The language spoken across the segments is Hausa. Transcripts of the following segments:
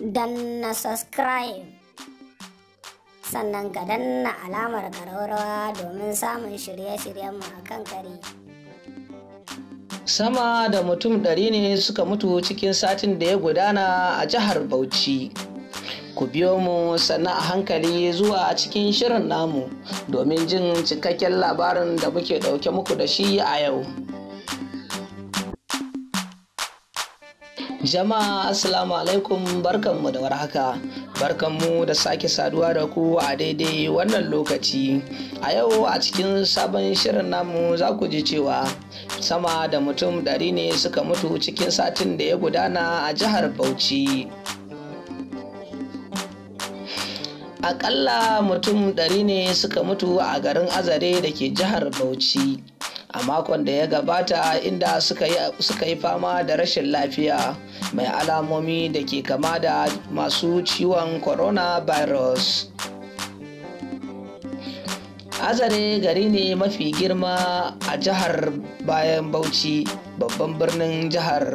na subscribe sannan ka danna alamar garaurawa domin samun shirye-shiryenmu a kan kare sama da mutum ɗari ne suka mutu cikin satin da ya gudana a jihar bauchi ku biyo mu sannan a hankali zuwa cikin shirin namu domin jin cikakken labarin da muke ɗauke muku da shi a yau Jama'a Assalamu alaikum barkanmu da warhaka. Barkanmu da sake saduwa da ku a daidai wannan lokaci. A yau a cikin sabon shirin namu za ku ji cewa sama da mutum ɗari ne suka mutu cikin satin da ya gudana a jihar Bauchi. Aƙalla mutum ɗari ne suka mutu a garin Azare da ke jihar Bauchi. a makon da ya gabata inda suka yi fama da rashin lafiya mai alamomi da ke kama da masu ciwon coronavirus azare gari ne mafi girma a jihar bayan bauchi babban birnin jihar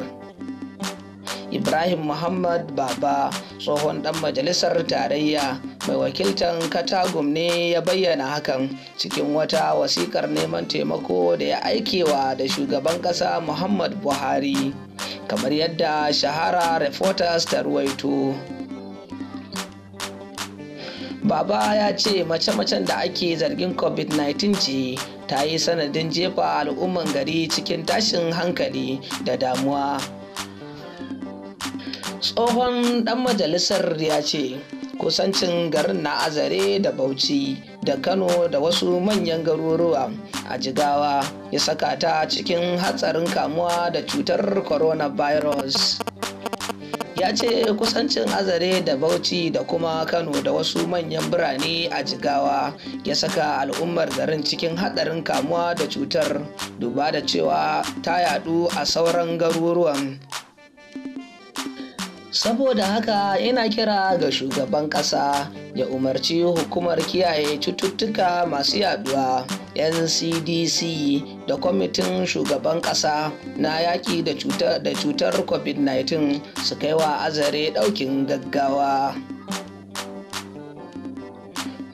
ibrahim muhammad baba tsohon ɗan majalisar tarayya mai wakiltan katagum ne ya bayyana hakan cikin wata wasikar neman taimako da ya aikewa da shugaban ƙasa muhammad buhari kamar yadda shahara reporters ta ruwaito baba ya ce mace-macen da ake zargin covid-19 ce ta yi sanadin jefa al'umman gari cikin tashin hankali da damuwa tsohon dan majalisar ya ce kusancin garin na azare da bauchi da kano da wasu manyan garuruwa a jigawa ya saka ta cikin hatsarin kamuwa da cutar coronavirus ya ce kusancin azare da bauchi da kuma kano da wasu manyan birane a jigawa ya saka al'ummar garin cikin hatsarin kamuwa da cutar duba da cewa ta yadu a sauran garuruwan saboda haka yana kira ga shugaban ƙasa ya umarci hukumar kiyaye cututtuka masu yaduwa ncdc da kwamitin shugaban ƙasa na yaƙi da cutar covid-19 su kai wa azare ɗaukin gaggawa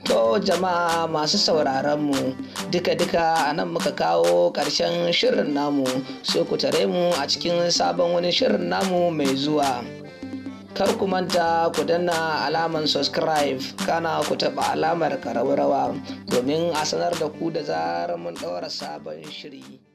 To jama'a masu sauraron mu duka-duka a nan muka kawo ƙarshen shirin namu sai ku tare mu a cikin sabon wani shirin namu mai zuwa. kar ku manta ku danna alamar subscribe kana ku taɓa alamar karawarawa domin a sanar da ku da zarar mun ɗaura sabon shiri